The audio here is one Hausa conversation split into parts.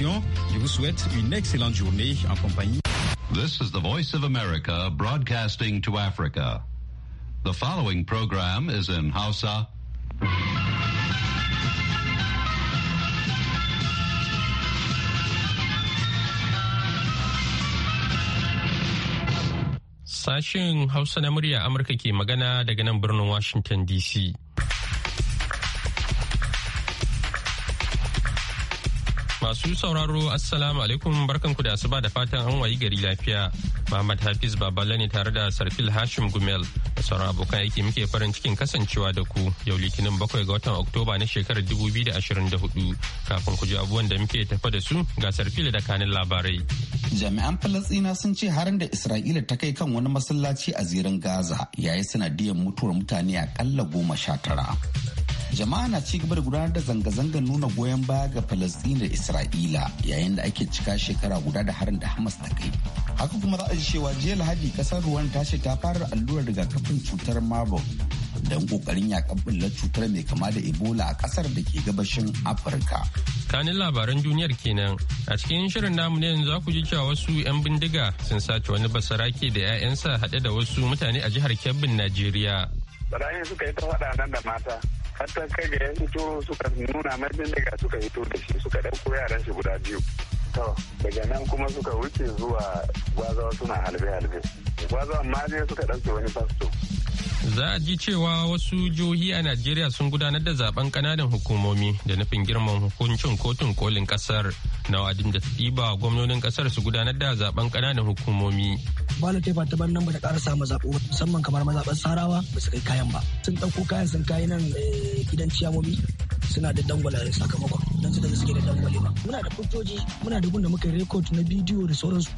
l'émission. Je vous souhaite une excellente journée en compagnie. This is the Voice of America broadcasting to Africa. The following program is in Hausa. sashen Hausa na murya Amurka ke magana daga nan birnin Washington DC. Masu sauraro Assalamu alaikum barkanku da asuba da fatan an wayi gari lafiya. Muhammad Hafiz Baballe ne tare da Sarfil Hashim Gumel da sauran abokan aiki muke farin cikin kasancewa da ku yau Litinin bakwai ga watan Oktoba na shekarar 2024 kafin ku ji abubuwan da muke tafa da su ga Sarfil da kanin labarai. Jami'an Falasɗina sun ce harin da Isra'ila ta kai kan wani masallaci a zirin Gaza yayi sanadiyar mutuwar mutane kalla goma sha tara. jama'a na ci gaba da gudanar da zanga-zangar nuna goyon baya ga falastin da isra'ila yayin da ake cika shekara guda da harin da hamas ta kai haka kuma za a ji cewa jiya lahadi kasar ruwan tashi ta fara allurar rigakafin cutar marburg don kokarin yakan bullar cutar mai kama da ebola a kasar da ke gabashin afirka kanin labaran duniyar kenan a cikin shirin namu ne yanzu ku ji cewa wasu 'yan bindiga sun sace wani basarake da 'ya'yansa haɗe da wasu mutane a jihar kebbin najeriya barayin suka yi ta da mata hatta kai ga ya fito suka nuna madin daga suka hito da shi suka ɗauko yaran shi guda biyu daga nan kuma suka wuce zuwa gwazawa suna halbe-halbe gwazawa ma zai suka ɗauke wani fasto za a ji cewa wasu jihohi a najeriya sun gudanar da zaben kananan hukumomi da nufin girman hukuncin kotun kolin kasar na wadin da ɗiba gwamnonin kasar su gudanar da zaben kananan hukumomi Ba taifa ta ta nan ba ta ƙara samu zaɓo musamman kamar mazaɓar sarawa ba su kai kayan ba sun ɗauko kayan sun kayi nan eh, gidan ciyamomi suna da dangwala sakamakon don su da suke da dangwale ba muna da hujjoji muna da gun da muka yi rekod na bidiyo da sauransu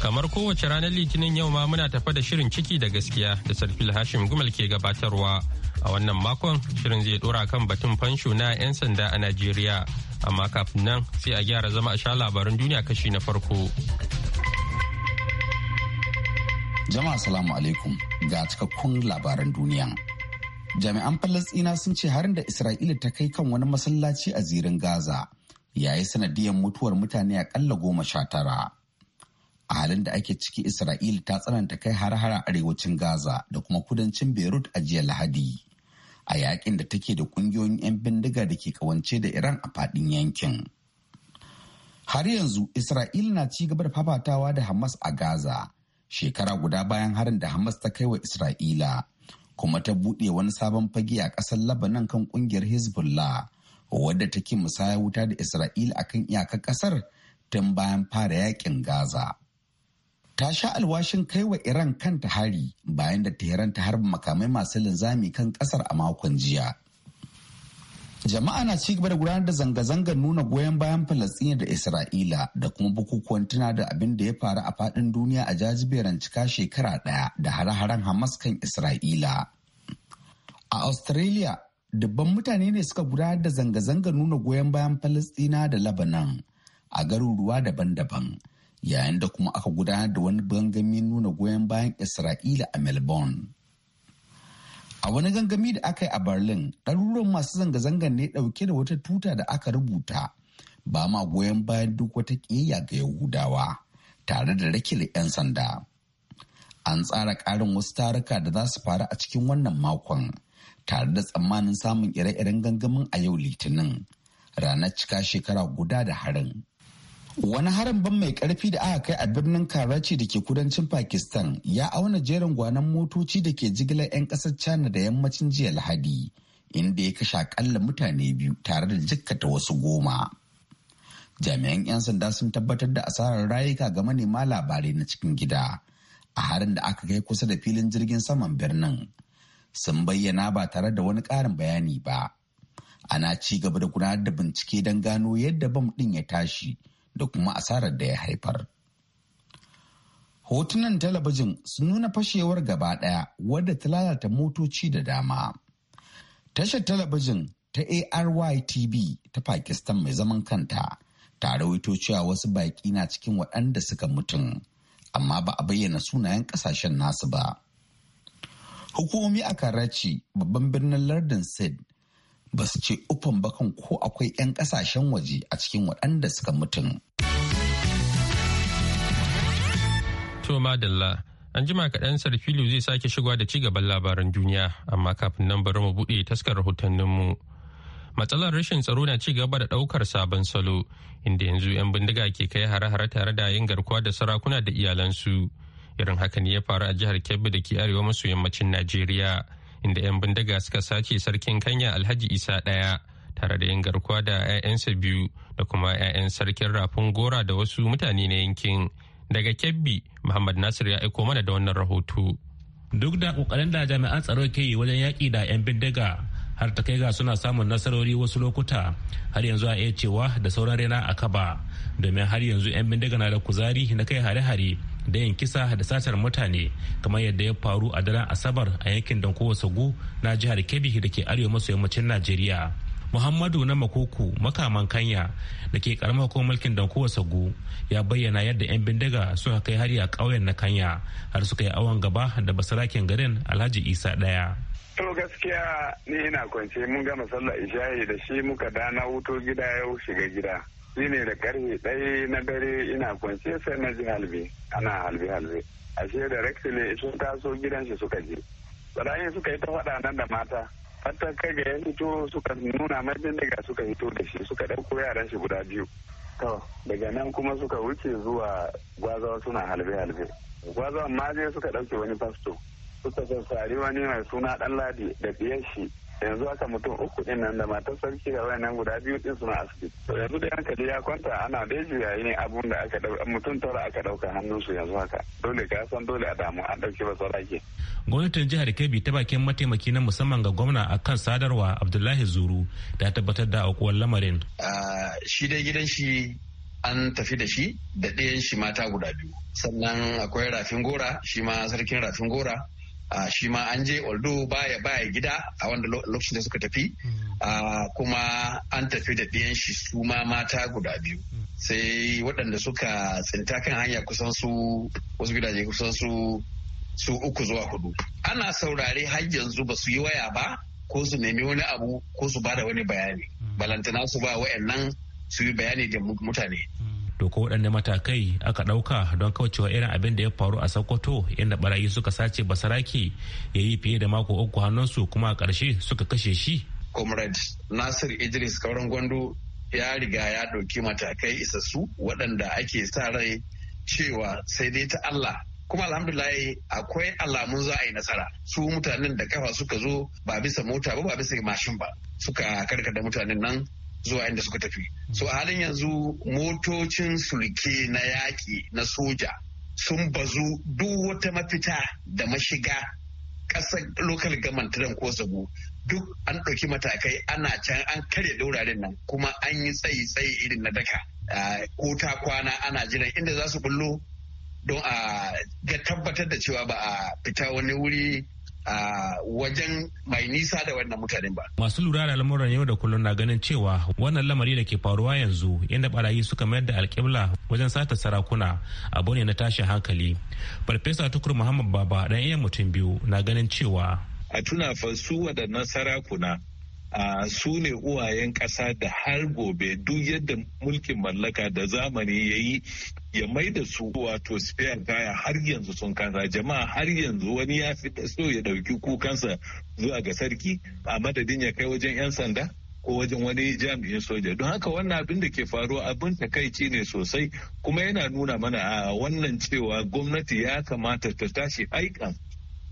Kamar kowace ranar Litinin yau ma muna tafa da shirin ciki da gaskiya da Sarfil Hashim Gumal ke gabatarwa. A wannan makon shirin zai dora kan batun fansho na 'yan sanda a Najeriya. Amma kafin nan sai a gyara zama a sha labarin duniya kashi na farko. Jama'a salamu alaikum ga cikakkun labaran duniya. Jami'an Falasɗina sun ce harin da Isra'ila ta kai kan wani masallaci a zirin Gaza. yayi sanadiyar mutuwar mutane akalla goma sha tara a halin da ake ciki Isra'il ta tsananta kai har a arewacin gaza da kuma kudancin beirut a jiya lahadi a yakin da take da kungiyoyin 'yan bindiga da ke kawance da iran a fadin yankin har yanzu Isra'il na ci gaba da fafatawa da hamas a gaza shekara guda bayan harin da hamas ta kai wa isra'ila kuma ta buɗe wani sabon fage a ƙasar labanan kan ƙungiyar hezbollah wadda take musaya wuta da isra'ila akan iyakar ƙasar tun bayan fara yakin gaza ta sha alwashin kai wa Iran kanta hari bayan da teheran ta harba makamai masu linzami kan kasar a makon jiya. Jama'a na ci gaba da gudanar da zanga-zangar nuna goyon bayan Falasɗina da Isra'ila da kuma bukukuwan tuna da abin da ya faru a faɗin duniya a jajiberan cika shekara ɗaya da hare-haren Hamas kan Isra'ila. A Australia, dubban mutane ne suka gudanar da zanga-zangar nuna goyon bayan Falasɗina da labanan a garuruwa daban-daban yayin da kuma aka gudanar da wani gangami nuna goyon bayan isra'ila a melbourne a wani gangami da aka yi a berlin ɗaruruwan masu zanga-zangar ne ɗauke da wata tuta da aka rubuta ba ma goyon bayan duk wata ƙiyayya ga yahudawa tare da rikili 'yan sanda an tsara ƙarin wasu taruka da za su faru a cikin wannan makon tare da tsammanin samun ire-iren gangamin a yau litinin ranar cika shekara guda da harin Wani harin ban mai karfi da aka kai a birnin Karachi da ke kudancin Pakistan ya auna jerin gwanon motoci da ke jigilar 'yan ƙasar China da yammacin jiya Lahadi, inda ya kashe akalla mutane biyu tare da jikkata wasu goma. Jami'an 'yan sanda sun tabbatar da asarar rayuka ga manema labarai na cikin gida a harin da aka kai kusa da filin jirgin saman birnin. Sun bayyana ba tare da wani ƙarin bayani ba. Ana ci gaba da gudanar da bincike don gano yadda bam ɗin ya tashi. da kuma asarar da ya haifar. Hotunan talabijin sun nuna fashewar gaba ɗaya wadda ta lalata motoci da dama. Tashar talabijin ta ARYTV ta Pakistan mai zaman kanta ta rawaito cewa wasu baƙi na cikin waɗanda suka mutum, amma ba a bayyana sunayen ƙasashen nasu ba. Hukumomi a Karachi, babban birnin lardin Sid, ba su ce ufan bakan ko akwai 'yan kasashen waje a cikin waɗanda suka mutum. To madalla an jima kaɗan sarfilu zai sake shigowa da cigaban labaran duniya amma kafin nan bari mu buɗe taskar rahotanninmu. Matsalar rashin tsaro na ci gaba da ɗaukar sabon salo inda yanzu 'yan bindiga ke kai hare-hare tare da yin garkuwa da sarakuna da iyalansu. Irin haka ne ya faru a jihar Kebbi da ke arewa maso yammacin Najeriya. inda 'yan bindiga suka sace sarkin kanya alhaji isa ɗaya tare da yin garkuwa da 'ya'yansa biyu da kuma 'ya'yan sarkin rafin gora da wasu mutane na yankin daga kebbi muhammad nasir ya aiko mana da wannan rahoto duk da kokarin da jami'an tsaro ke yi wajen yaƙi da 'yan bindiga har ta kai ga suna samun nasarori wasu lokuta har yanzu a iya cewa da sauran rena a kaba domin har yanzu 'yan bindiga na da kuzari na kai hare-hare da yin kisa da satar mutane kamar yadda ya faru a daren asabar a yankin dankowa sagu na jihar kebbi da ke arewa maso yammacin najeriya muhammadu na makoku makaman kanya da ke karamar hukumar mulkin dankowa sagu ya bayyana yadda 'yan bindiga suka kai hari a ƙauyen na kanya har suka yi awon gaba da basarakin garin alhaji isa ɗaya to gaskiya ni ina kwance mun gama sallar isha'i da shi muka dana wuto gida yau shiga gida shi ne da karfe ɗaya na dare ina kwanciya sai na ji halbe ana halbe halbe ashe da rexile sun taso gidan shi suka je tsarayen suka yi ta faɗa nan da mata hatta kai ga ya fito suka nuna majin daga suka fito da shi suka ɗauko yaran shi guda biyu to daga nan kuma suka wuce zuwa gwazawa suna halbe halbe gwazawa ma je suka ɗauke wani fasto suka sassari wani mai suna ɗan ladi da biyar shi yanzu haka mutum uku din nan da matar sarki da wayannan guda biyu din suna asibiti to yanzu da yanka ya kwanta ana dai juyayi ne abun da aka dauka mutum tara aka dauka hannunsu yanzu haka dole ka san dole a damu an dauke ba sarake gwamnatin jihar kebbi ta bakin mataimaki na musamman ga gwamna akan sadarwa abdullahi zuru ta tabbatar da aukuwar lamarin shi dai gidan shi an tafi da shi da ɗayan shi mata guda biyu sannan akwai rafin gora shi ma sarkin rafin gora shi ma an je oldo baya baya gida a wanda lokacin da suka tafi mm. kuma an tafi da ɗiyan shi su ma mata guda biyu mm. sai waɗanda suka tsinta kan hanya kusan su wasu gidaje kusan su su uku zuwa hudu ana saurare har yanzu ba su yi waya ba ko su nemi wani abu ko su ba da wani bayani mm. balantana su ba wa'annan su yi bayani da mutane to ko waɗanne matakai aka ɗauka don kaucewa irin abin da ya faru a sokoto inda barayi suka sace basaraki ya yi fiye da mako uku hannunsu kuma a ƙarshe suka kashe shi comrade nasir idris kauran gwando ya riga ya ɗauki matakai isassu waɗanda ake sa rai cewa sai dai ta allah kuma alhamdulahi akwai alamun za a yi nasara su mutanen da kafa suka zo ba bisa mota ba ba bisa mashin ba suka karkata mutanen nan zuwa inda suka tafi so a halin yanzu motocin sulke na yaƙi na soja sun bazu duk wata mafita da mashiga ƙasar lokal gaman tiran ko zabo duk an ɗauki matakai ana can an karya wuraren nan kuma an yi tsayi tsayi irin na daka ko ta kwana ana jiran inda za su bullo don a ga tabbatar da cewa ba a fita wani wuri a wajen mai nisa da wannan mutanen ba. Masu lura da lamuran yau da kullum na ganin cewa wannan lamari da ke faruwa yanzu inda barayi suka mayar da alƙibla wajen sata sarakuna abu ne na tashin hankali. Farfesa Tukur Muhammad Baba dan iya mutum biyu na ganin cewa. A tuna fa su waɗannan sarakuna su ne uwayen ƙasa da har gobe duk yadda mulkin mallaka da zamani ya yi ya mai da su wato spare kaya har yanzu sun kasa jama'a har yanzu wani ya fi so ya ɗauki kukansa zuwa ga sarki a madadin ya kai wajen 'yan sanda ko wajen wani jami'in soja don haka wannan abin da ke faruwa abin takaici ne sosai kuma yana nuna mana a wannan cewa gwamnati ya kamata ta tashi aikan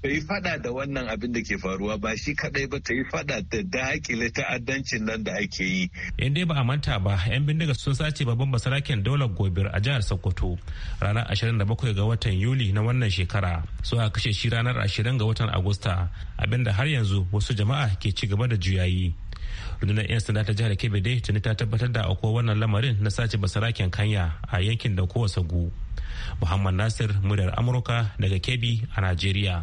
ta yi fada da wannan abin da ke faruwa ba shi kadai ba ta yi fada da dakile ta'addancin nan da ake yi. In dai ba a manta ba, 'yan bindiga sun sace babban basaraken daular gobe a jihar Sokoto ranar 27 ga watan Yuli na wannan shekara. su a kashe shi ranar 20 ga watan Agusta, abinda har yanzu wasu jama'a ke ci gaba da juyayi. rundunar 'yan sanda ta jihar kebe dai tuni ta tabbatar da akwai wannan lamarin na sace basaraken kanya a yankin da kowa sagu muhammad nasir muryar amurka daga kebbi a najeriya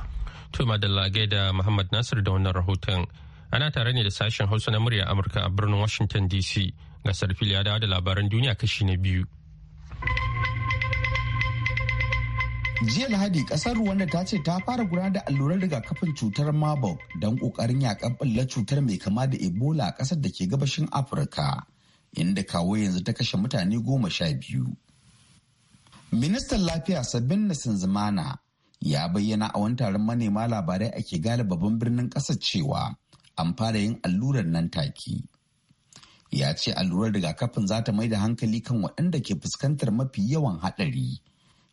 To Madalla da Muhammad Nasir da wannan rahoton. Ana tare ne da sashen Hausa na murya Amurka a birnin Washington DC. Gasar fili ya dawo da labaran duniya kashi na biyu. jiya lahadi kasar wanda ta ce ta fara gudanar da allurar rigakafin cutar marburg don kokarin yakan ɓulla cutar mai kama da ebola a kasar da ke gabashin afirka inda kawo yanzu ta kashe mutane goma sha biyu ministan lafiya sabbin nasin zumana ya bayyana a wani taron manema labarai a Kigali babban birnin ƙasar cewa an fara yin allurar nan take. Ya ce allurar rigakafin za ta mai da hankali kan waɗanda ke fuskantar mafi yawan haɗari,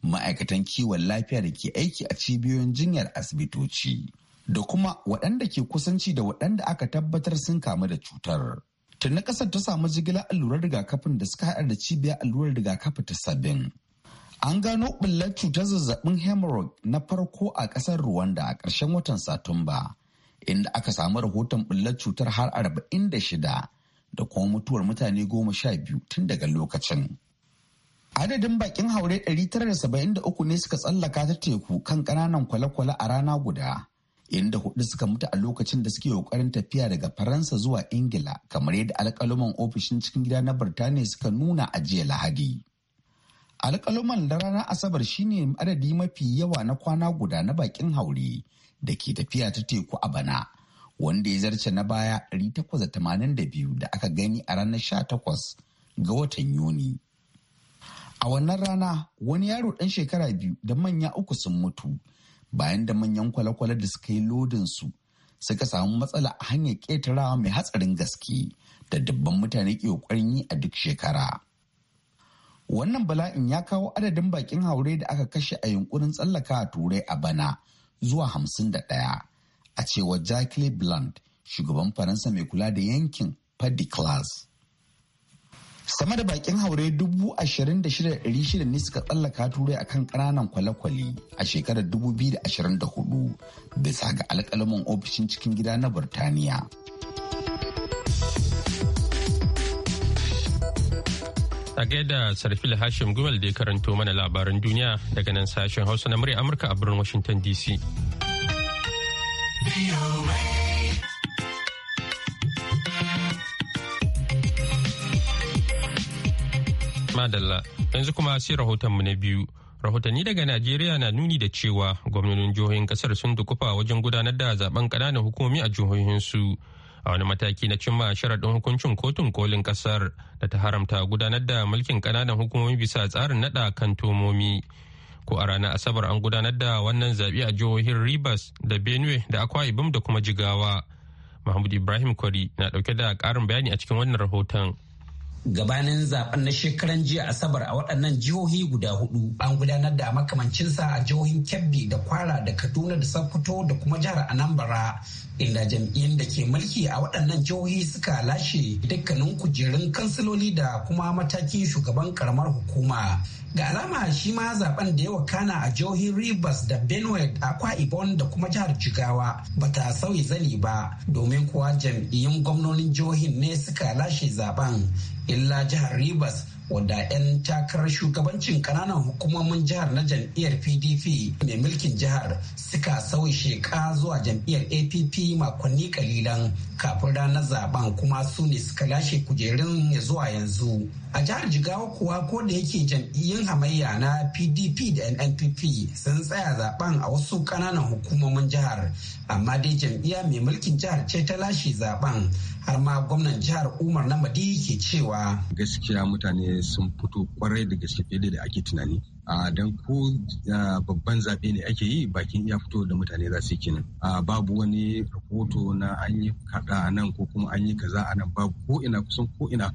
ma'aikatan kiwon lafiya da ke aiki a cibiyoyin jinyar asibitoci, da kuma waɗanda ke kusanci da waɗanda aka tabbatar sun kamu da cutar. Tuni ƙasar ta samu jigilar allurar rigakafin da suka haɗa da cibiyar allurar rigakafi ta sabin An gano ɓullar cutar zazzabin hemorrhoid na farko a ƙasar Rwanda a ƙarshen watan Satumba, inda aka samu rahoton ɓullar cutar har 46 da kuma mutuwar mutane goma sha biyu tun daga lokacin. Adadin bakin haure 973 ne suka tsallaka ta teku kan ƙananan kwale-kwale a rana guda, inda hudu suka mutu a lokacin da suke ƙoƙarin tafiya daga Faransa zuwa Ingila, kamar yadda alƙaluman ofishin cikin gida na Birtaniya suka nuna a jiya Lahadi. alƙaluman da ranar asabar shine adadi mafi yawa na kwana guda na bakin haure da ke tafiya ta teku a bana wanda ya zarce na baya 882 da aka gani a ranar 18 ga watan yuni a wannan rana wani yaro ɗan shekara biyu da manya uku sun mutu bayan da manyan kwale-kwale da suka yi lodinsu suka samu matsala a hanyar ƙetarawa mai hatsarin gaske da dubban mutane ke yi a duk shekara. wannan bala'in ya kawo adadin bakin haure da aka kashe a yunkurin tsallaka a turai a bana zuwa hamsin da ɗaya a cewa jackie blunt shugaban faransa mai kula da yankin paddy class sama da bakin haure da shida ne suka tsallaka turai akan ƙananan kwale-kwale a shekarar 2024 bisa ga alkalamin ofishin cikin gida na burtaniya A gaida Sarfil Hashim Gumal da ya karanto mana labaran duniya daga nan sashen Hausa na murya Amurka a birnin Washington DC. Madalla, yanzu kuma sai rahotonmu na biyu. Rahotanni daga Najeriya na nuni da cewa gwamnonin jihohin kasar sun dukufa wajen gudanar da zaben ƙananan hukumomi a jihohinsu. su. a wani mataki na cimma sharaɗin hukuncin kotun kolin ƙasar da ta haramta gudanar da mulkin ƙananan hukumomi bisa tsarin naɗa kan tomomi ko a ranar asabar an gudanar da wannan zaɓe a jihohin Ribas da benue da akwa ibom da kuma jigawa mahmud ibrahim kwari na ɗauke da ƙarin bayani a cikin wannan rahoton gabanin zaben na shekaran jiya asabar a waɗannan jihohi guda hudu an gudanar da makamancinsa a jihohin kebbi da kwara da kaduna da sokoto da kuma jihar anambra inda jam'iyyun da ke mulki a waɗannan jihohi suka lashe dukkanin kujerun kansiloli da kuma matakin shugaban karamar hukuma ga alama shi ma zaben da yawa Kana a jihohin rivers da benue akwa ibon da kuma jihar jigawa ba ta sauyi zani ba domin kuwa jam'iyyun gwamnonin jihohin ne suka lashe zaben illa jihar Rivers wanda 'yan takarar shugabancin kananan hukumomin jihar na jam'iyyar pdp mai mulkin jihar suka sauyi sheka zuwa jam'iyyar app makonni kalilan kafin ranar zaben kuma su ne suka lashe kujerun ya zuwa yanzu a jihar jigawa kuwa ko da yake jam'iyyun hamayya na pdp da nnpp sun tsaya zaben a wasu kananan hukumomin jihar amma dai jam'iyya mai mulkin jihar ce ta lashe zaben har ma gwamnan jihar umar na madi ke cewa gaskiya mutane sun fito kwarai da gaske fiye da ake tunani a don ko babban zaɓe ne ake yi bakin iya fito da mutane za su kenan a babu wani rahoto na an yi kaɗa a nan ko kuma an yi kaza a nan babu ko ina kusan ko ina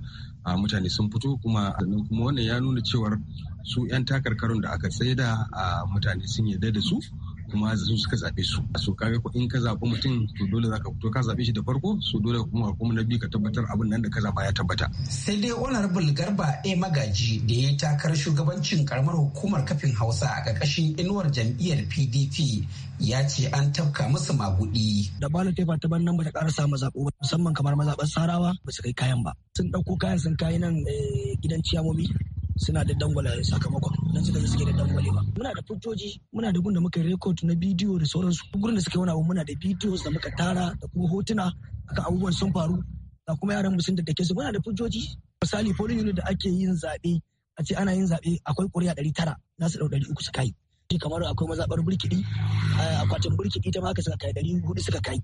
mutane sun fito kuma sannan kuma wannan ya nuna cewar su 'yan takarkarun da aka tsaida a mutane sun yarda da su kuma su suka zaɓe su so kaga in ka zaɓi mutum to dole za fito ka zaɓe shi da farko so dole kuma kuma na biyu ka tabbatar abin nan da ka zaɓa ya tabbata. sai dai honorable garba a magaji da ya takar shugabancin karamar hukumar kafin hausa a ƙarƙashin inuwar jam'iyyar pdp ya ce an tafka musu maguɗi. da bala ta ta ban nan ba ta ƙara samu zaɓo ba musamman kamar mazaɓar sarawa ba su kai kayan ba sun ɗauko kayan sun kai nan eh, gidan ciyamomi suna da dangwala sakamakon don su suke da dangwale ba muna da hujjoji muna da gunda muka rekod na bidiyo da sauransu gurin da suka yi wani abu muna da bidiyo da muka tara da kuma hotuna akan abubuwan sun faru da kuma yaran mu sun daddake su muna da hujjoji misali polling unit da ake yin zaɓe a ce ana yin zaɓe akwai ƙuri'a ɗari tara na su ɗau ɗari uku su kai kamar akwai mazaɓar burkiɗi akwatin burkiɗi ta ma ka suka kai ɗari hudu suka kai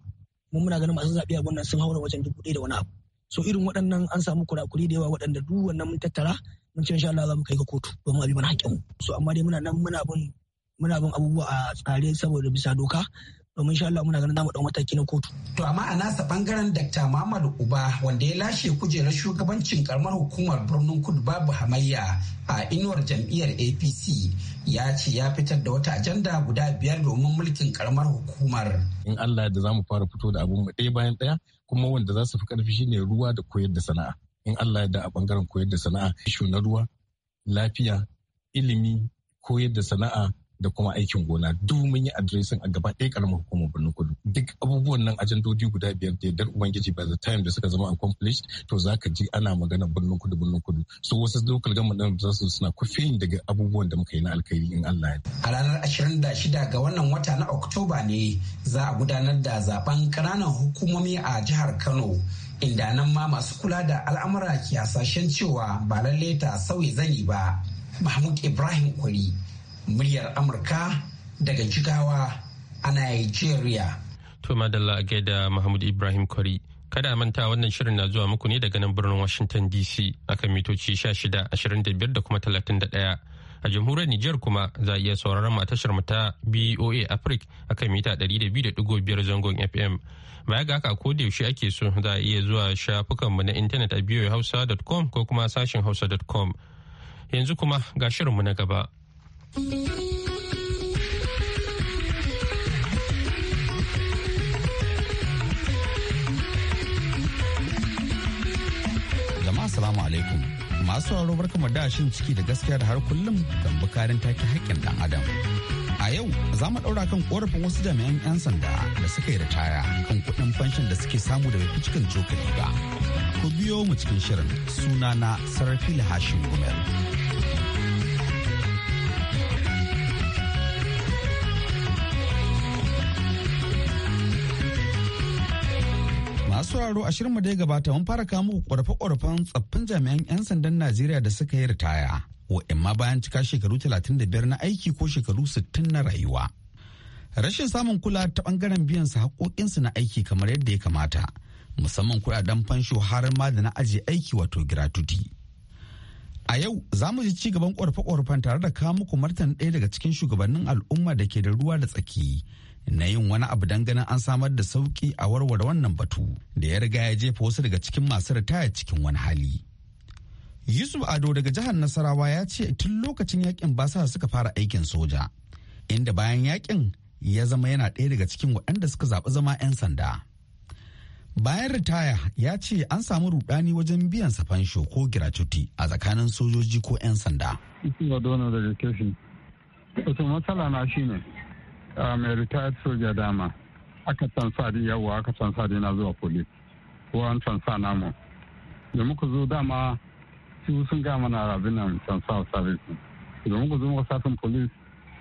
mun muna ganin masu zaɓe a wannan sun haura wajen dubu ɗaya da wani abu so irin waɗannan an samu kurakuri da yawa waɗanda duk wannan mun tattara mun ce insha Allah za mu kai ga kotu domin a bi mana haƙƙin so amma dai muna nan muna bin muna bin abubuwa a tsare saboda bisa doka domin sha Allah muna ganin zamu dau mataki na kotu. To amma a nasa bangaren Dr. mahmadu Uba wanda ya lashe kujerar shugabancin karamar hukumar birnin Kudu babu hamayya a inuwar jam'iyyar APC ya ce ya fitar da wata ajanda guda biyar domin mulkin karamar hukumar. In Allah da zamu fara fito da abun mu ɗaya bayan ɗaya kuma wanda za su fi karfi shine ruwa da koyar da sana'a. In Allah da a bangaren koyar da sana'a, shi na ruwa, lafiya, ilimi, koyar da sana'a, da kuma aikin gona duk mun yi adiresin a gaba ɗaya karamar hukumar Borno Kudu duk abubuwan nan ajandodi guda biyar da yadda ubangiji by the time da suka zama accomplished to za ka ji ana magana Borno Kudu birnin Kudu so wasu local government za su suna kufin daga abubuwan da muka yi na alkhairi in Allah ya a ranar ashirin da shida ga wannan wata na Oktoba ne za a gudanar da zaben ƙananan hukumomi a jihar Kano inda nan ma masu kula da al'amura ke hasashen cewa ba lalle ta sauyi zani ba. Mahmud Ibrahim Kwari muryar amurka daga jigawa a nigeria to madalla gaida mahmud ibrahim kwari kada a manta wannan shirin na zuwa muku ne daga nan birnin washington dc akan mitoci 16 ashirin da kuma 31 a jamhuriyar Nijar kuma za a iya sauraron tashar mu ta BOA Africa akan mita 200.5 zangon FM. Baya ga haka ko da yaushe ake so za a iya zuwa shafukanmu na intanet a boahausa.com ko kuma sashin hausa.com. Yanzu kuma ga shirinmu na gaba. Jama'a salamu alaikum. Masu sauraro barkamu da shin ciki da gaskiya da har kullum don bukarin taki haƙƙin ɗan adam. A yau za mu ɗaura kan korafin wasu jami'an 'yan sanda da suka yi ritaya kan kuɗin fanshin da suke samu daga cikin cokali ba. Ku biyo mu cikin shirin suna sunana Sarfila Hashim Gumel. sauraro a shirinmu da gabata mun fara kawo muku ƙorafe-ƙorafen tsaffin jami'an 'yan sandan Najeriya da suka yi ritaya, wa'imma bayan cika shekaru 35 na aiki ko shekaru 60 na rayuwa. Rashin samun kula ta ɓangaren biyan su haƙoƙinsu na aiki kamar yadda ya kamata, musamman kuɗaɗen fansho har ma da na ajiye aiki wato giratuti. A yau za mu ji ci gaban ƙorafe-ƙorafen tare da kawo muku martani ɗaya daga cikin shugabannin al'umma da ke da ruwa da tsaki na yin wani abu don ganin an samar da sauki a warware wannan batu da ya riga ya jefa wasu daga cikin masu ritaya cikin wani hali. Yusuf Ado daga jihar Nasarawa ya ce tun lokacin yakin basa suka fara aikin soja, inda bayan yakin ya zama yana ɗaya daga cikin waɗanda suka zaɓi zama 'yan sanda. Bayan ritaya ya ce an samu rudani wajen biyan sa fansho ko giracuti a tsakanin sojoji ko 'yan sanda. Ito matsala na shi ne. Ah, mai retired soja dama aka san sadi yawa aka san sadi na zuwa police ko an sa namu da muka zo dama su sun gama na rabin nan tansa service da muka zo muka safin police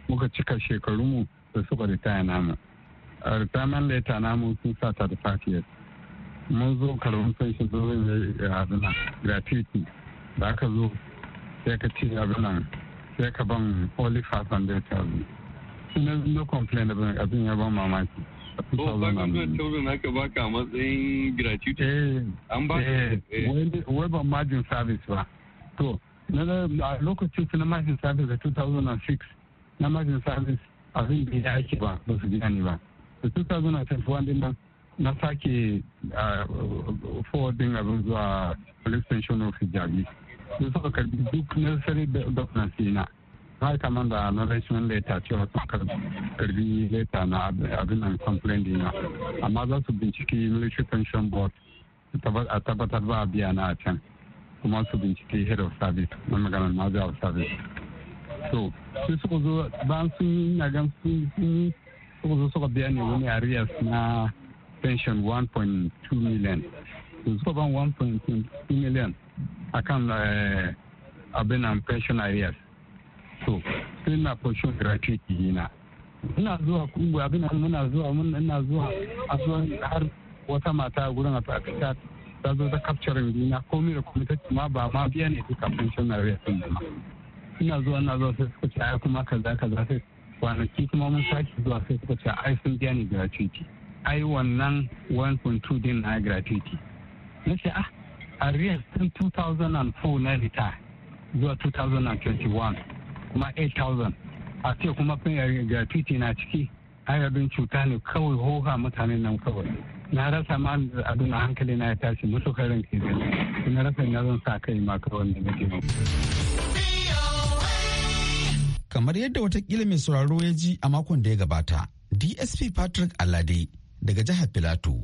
muka cika shekaru mu da suka retire namu a retirement later namu sun sa da years mun zo karbon pension zo zai eh, abin nan gratuity da aka zo sai ka ci abin nan sai ka ban holy fast and na complain abin ya ban mamaki Oh, background children aka baka matsayin gratuity? Eh, An eh, eh. ba Wai ban margin service ba. To, na lokacin su na margin service da 2006 na margin service abin bai da ake ba, ba su gina ni ba. Da 2021 din nan na sake ah, forwarding abin zuwa police station of Hijabi. Sun suka karbi duk necessary documents na. na kaman da narration letter cewa sun karbi leta na abin nan complaint dina amma za su binciki military pension board a tabbatar ba a biya na a can kuma su binciki head of service na maganar maza of service so sai suka zo bayan sun yi na gan sun yi suka zo suka biya ne wani arias na pension 1.2 million su suka ban 1.2 million akan kan eh, abinan pension arias so sai na fashin gratuity ina ina zuwa kungu abin muna zuwa mun ina zuwa a har wata mata gurin a ta ta zo ta capturing ko komai da komai ta ma ba ma biya ne duka na rate sun zama ina zuwa ina zuwa sai suka ce ai kuma kaza kaza sai kwanaki kuma mun sake zuwa sai suka ce ai sun biya ni gratuity ai wannan 1.2 din na gratuity na ce ah arrears tun 2004 na rita zuwa 2021 kuma 8000 a ce kuma titi na ciki adadin cuta ne kawai hoha mutanen nan kawai na rasa ma abin hankali na ya tashi musu karin ke na rasa na zan sa kai ma kawai ne nake kamar yadda watakila mai sauraro ya ji a makon da ya gabata dsp patrick alade daga jihar filato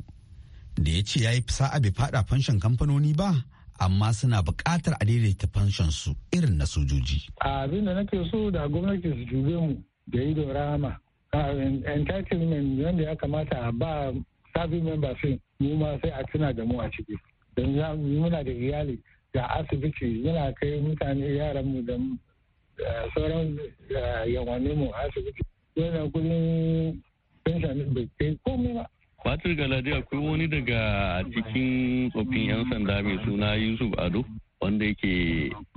da ya ce ya yi sa'a bai fada fanshin kamfanoni ba amma suna bukatar a daidaita fanshon su irin na sojoji. Abin da nake so da gwamnati su jube mu da ido rama. Entitlement wanda ya kamata a ba service member sai mu ma sai a tuna da mu a ciki. Don muna da iyali da asibiti muna kai mutane yaran mu da sauran eh, yawanin mu asibiti. Yana kudin pension bai kai komai ba. Fatir Galadi akwai wani daga cikin tsofin 'yan sanda mai suna Yusuf Ado wanda yake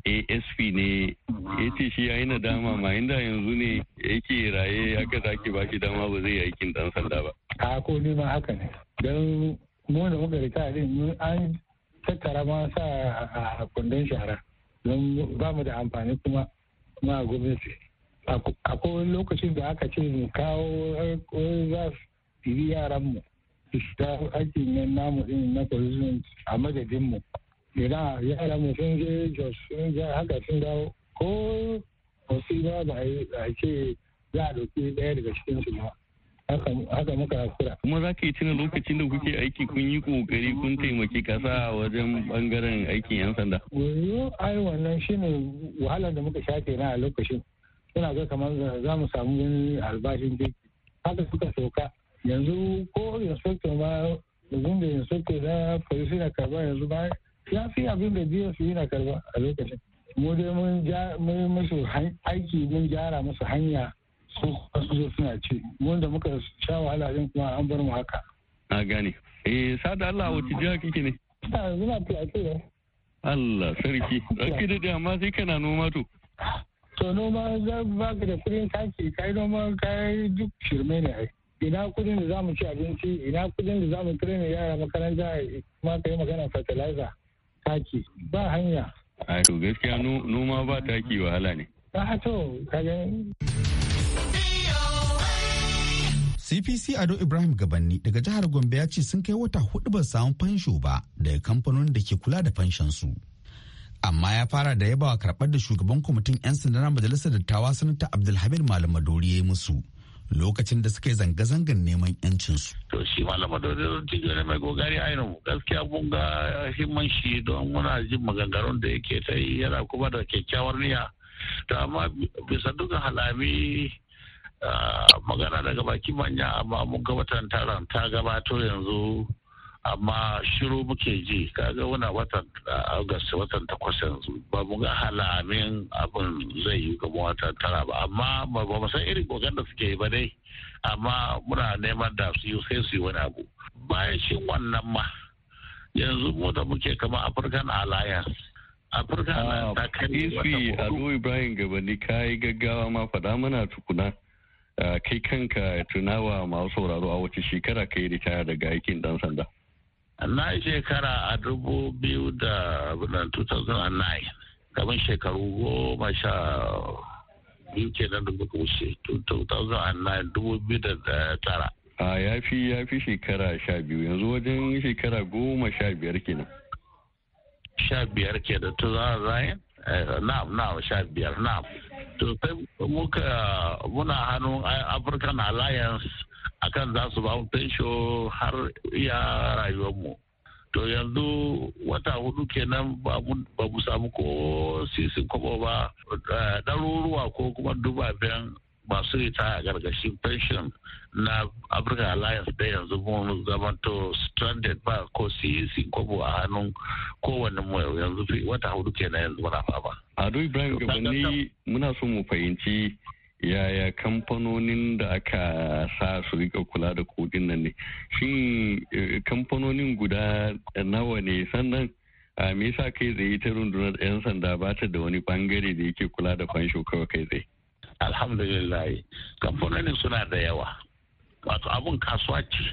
ASP ne ya ce shi ya yi nadama ma inda yanzu ne yake raye haka zaki ba shi dama ba zai yi aikin dan sanda ba. A ko ni ma haka ne. Don mu da muka rita din an tattara ma sa a kundin shara don ba mu da amfani kuma ma gwamnati. Akwai lokacin da aka ce mu kawo eh, za su yaran mu fita aikin nan namu din na tourism a madadin mu idan yara mu sun je jos sun je haka sun dawo ko wasu ba ba a ce za a ɗauki ɗaya daga cikin su ba haka muka kura. Kuma za ka yi lokacin da kuke aiki kun yi kokari kun taimaki kasa wajen bangaren aikin 'yan sanda. Wayo ai wannan shine wahalar da muka shafe na a lokacin. Suna ga kamar za mu samu wani albashin jiki? Haka suka sauka yanzu ko inspector ma yanzu da inspector na police na karba yanzu ba ya fi abin da DSP yana karba a lokacin mu dai mun mun musu aiki mun gyara musu hanya su zo suna ce mun da muka sha wahala din kuma an bar mu haka a gane eh sada Allah wace jiha kike ne yanzu na plateau Allah sarki sarki da dama sai kana noma to to noma za ba ka da kudin taki kai noma kai duk shirme ne ai ina kudin da zamu ci abinci ina kudin da zamu train yara makaranta ma kai magana fertilizer taki ba hanya a to gaskiya noma ba taki wahala ne a to kagan CPC Ado Ibrahim Gabanni daga jihar Gombe ya ce sun kai wata hudu ba samu fansho ba daga kamfanonin da ke kula da fanshonsu. Amma ya fara da yabawa karɓar da shugaban kwamitin 'yan sanda na majalisar dattawa sanata Abdulhamid Malam Dori ya yi musu. lokacin da suka yi zanga zangan neman su. To shi malama da dattijo ne mai gogari a ainihin gaskiya mun ga himman shi don muna jin maganganun da yake ta yi yana kuma da kyakkyawar niyya. To amma bisa duka halami ah, magana daga baki manya amma mun ga watan taron ta gabato yanzu amma shiru muke ji kaga wani watan august watan takwas yanzu ba mu ga halamin abin zai yi ga watan tara ba amma ba mu san irin kokarin da suke yi ba dai amma muna neman da su yi sai su yi wani abu bayan shi wannan ma yanzu mu da muke kama african alliance african ah, alliance ta kai wata hudu ibrahim gabani ka yi gaggawa ma faɗa mana tukuna ah, kai kanka tunawa masu sauraro a wace shekara kai ritaya daga aikin dan sanda na shekara a dubu biyu da 2009 kamar shekaru goma sha biyu nan da muka wuce 2009 dubu biyu da tara a ya fi ya fi shekara sha biyu yanzu wajen shekara goma sha biyar kenan sha biyar ke da tu za a Na na sha biyar na. to sai muka muna hannun african alliance akan za su ba mu fensho har iya rayuwarmu to yanzu wata hudu kenan ba mu samu ko sisin kwabo ba eh, ɗaruruwa ko kuma dubaben masu ita a gargashin pension na africa alliance da yanzu mun zamanto stranded ba ko sisin kwabo a hannun kowane mu yanzu wata hudu kenan yanzu muna fama. ado ibrahim gabani muna so mu fahimci yaya kamfanonin da aka sa su rika kula da kudin nan ne shin eh, kamfanonin guda nawa ne sannan a ah, me yasa kai tsaye ta rundunar 'yan sanda ba ta da wani bangare da yake kula da fansho kawai kai tsaye alhamdulillah kamfanonin suna da yawa wato abun kasuwa ce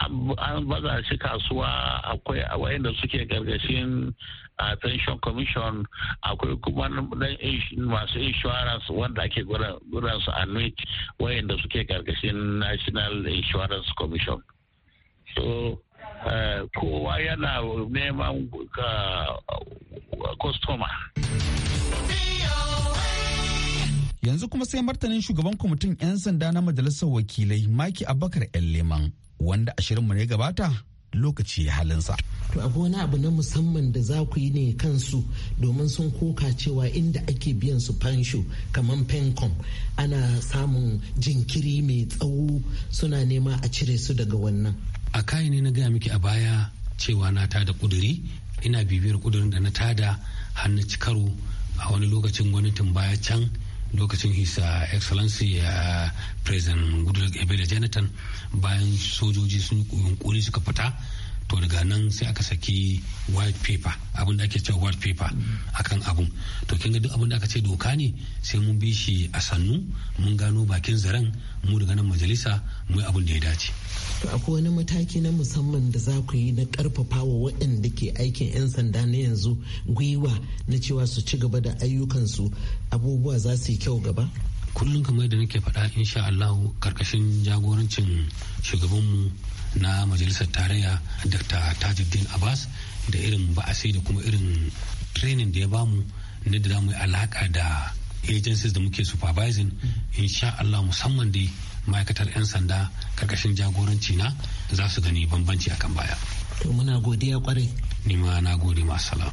an baza shi kasuwa akwai wayanda suke gargashin a pension commission akwai kuma masu insurance wanda ake gudan su annuity wayanda suke gargashin national insurance commission so eh, kowa yana neman eh, customer yanzu kuma sai martanin shugaban kwamitin 'yan sanda na majalisar wakilai maki abakar yan leman wanda ashirin mu ne gabata lokaci halinsa. To abu wani abu na musamman da za ku yi ne kansu domin sun koka cewa inda ake biyan su fansho kamar pencom ana samun jinkiri mai tsawo suna nema a cire su daga wannan. A kayan ne na gaya miki a baya cewa na tada kuduri ina bibiyar kudurin da na tada hannu cikaru a wani lokacin gwamnatin baya can lokacin hisa uh, excellency ya uh, president goodluck ebele jonathan bayan sojoji sun yunkuri suka fita to daga nan sai aka saki white paper abin da ake cewa white paper akan abun to kin ga duk abin da aka ce doka ne sai mun bi shi a sannu mun gano bakin zaren mu daga nan majalisa mu abin da ya dace to akwai wani mataki na musamman da za ku yi na karfafa wa waɗanda ke aikin 'yan sanda na yanzu gwiwa na cewa su ci gaba da ayyukansu abubuwa za su yi kyau gaba kullum kamar da nake faɗa insha Allahu karkashin jagorancin shugabanmu na majalisar tarayya Dr. Tajuddin Abbas da irin ba'asai da kuma irin training da ya bamu na da mu alaka da agencies da muke supervising insha Allah musamman dai ma'aikatar 'yan sanda karkashin jagoranci na za su gani bambanci akan baya to muna godiya kwarai ni ma na gode masu salam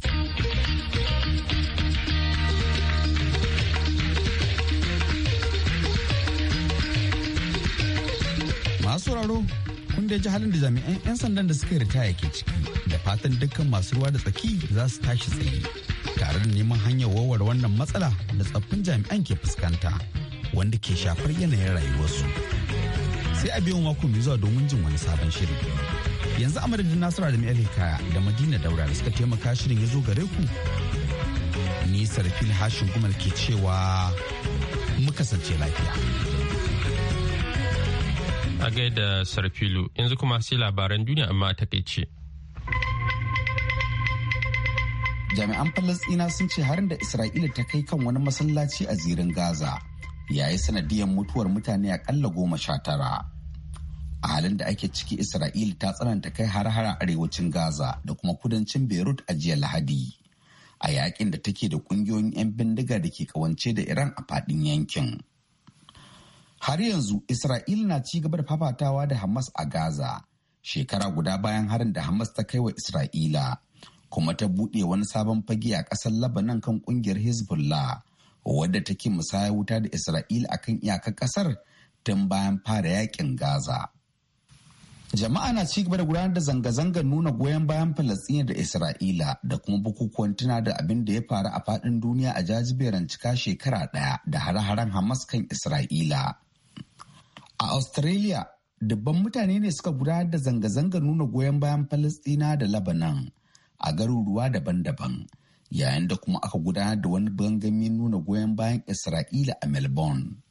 masu raro kun da ji halin da jami'an 'yan sandan da suka ritaya ke ciki da fatan dukkan masu ruwa da tsaki za su tashi tsaye tare da neman hanyar warware wannan matsala da tsaffin jami'an ke fuskanta wanda ke shafar yanayin rayuwarsu sai a biyan wakon mai zuwa domin jin wani sabon shiri yanzu a madadin nasara da mai Hikaya da madina daura da suka taimaka shirin ya zo gare ku ni sarfil hashin gumal ke cewa mu kasance lafiya a gaida sarfilu yanzu kuma sai labaran duniya amma takaice jami'an falasɗina sun ce harin da isra'ila ta kai kan wani masallaci a zirin gaza yayi yi sanadiyar mutuwar mutane akalla goma sha tara. A halin da ake ciki Isra'il ta tsananta kai har-hara arewacin Gaza da kuma kudancin Beirut a jiya Lahadi. A yakin da take da kungiyoyin 'yan bindiga da ke kawance da Iran a fadin yankin. Har yanzu Isra'il na ci gaba da fafatawa da Hamas a Gaza shekara guda bayan harin da Hamas ta kai wa Isra'ila kuma ta buɗe wani sabon fage a ƙasar Labanan kan kungiyar Hezbollah wadda take musaya wuta da Isra'ila a kan iyakar kasar tun bayan fara yakin Gaza. Jama'a na ci gaba da gudanar da zanga-zangar nuna goyon bayan Falasɗina da Isra'ila da kuma bukukuwan tuna da abin da ya faru a faɗin duniya a jajiberan cika shekara ɗaya da hare-haren Hamas kan Isra'ila. A Australia, dubban mutane ne suka gudanar da zanga zanga nuna goyon bayan Falasɗina da Labanan a garuruwa daban-daban. yayin da kuma aka gudanar da wani gangamin nuna goyon bayan isra'ila a melbourne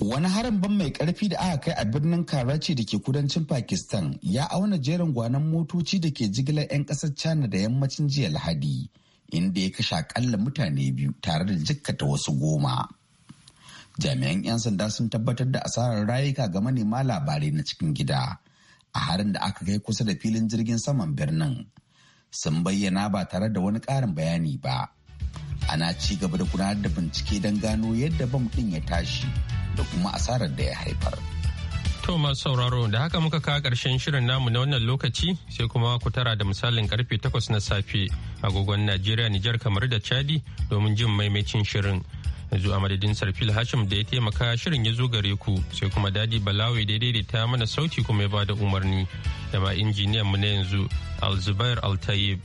wani harin ban mai karfi da aka kai a birnin karachi da ke kudancin pakistan ya auna jerin gwanon motoci da ke jigilar 'yan kasar china da yammacin jiya lahadi inda ya kashe akalla mutane biyu tare da jikkata wasu goma jami'an 'yan sanda sun tabbatar da asarar rayuka ga manema labarai na cikin gida a harin da aka kai kusa da filin jirgin saman birnin sun bayyana ba tare da wani ƙarin bayani ba. Ana ci gaba da gudanar da bincike don gano yadda bam ɗin ya tashi da kuma asarar da ya haifar. To masu sauraro da haka muka kawo ƙarshen shirin namu na wannan lokaci sai kuma ku tara da misalin karfe 8 na safe agogon Najeriya Nijar kamar da Chadi domin jin maimacin shirin. yanzu a madadin sarfil hashim da ya taimaka shirin ya zo gare ku sai kuma dadi balawai daidai da ta mana sauti kuma ya bada umarni da ma injiniyan mu na yanzu alzubair altayib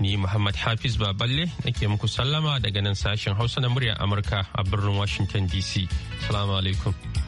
ni muhammad hafiz baballe nake muku sallama daga nan sashen hausa na murya amurka a birnin washington dc salamu alaikum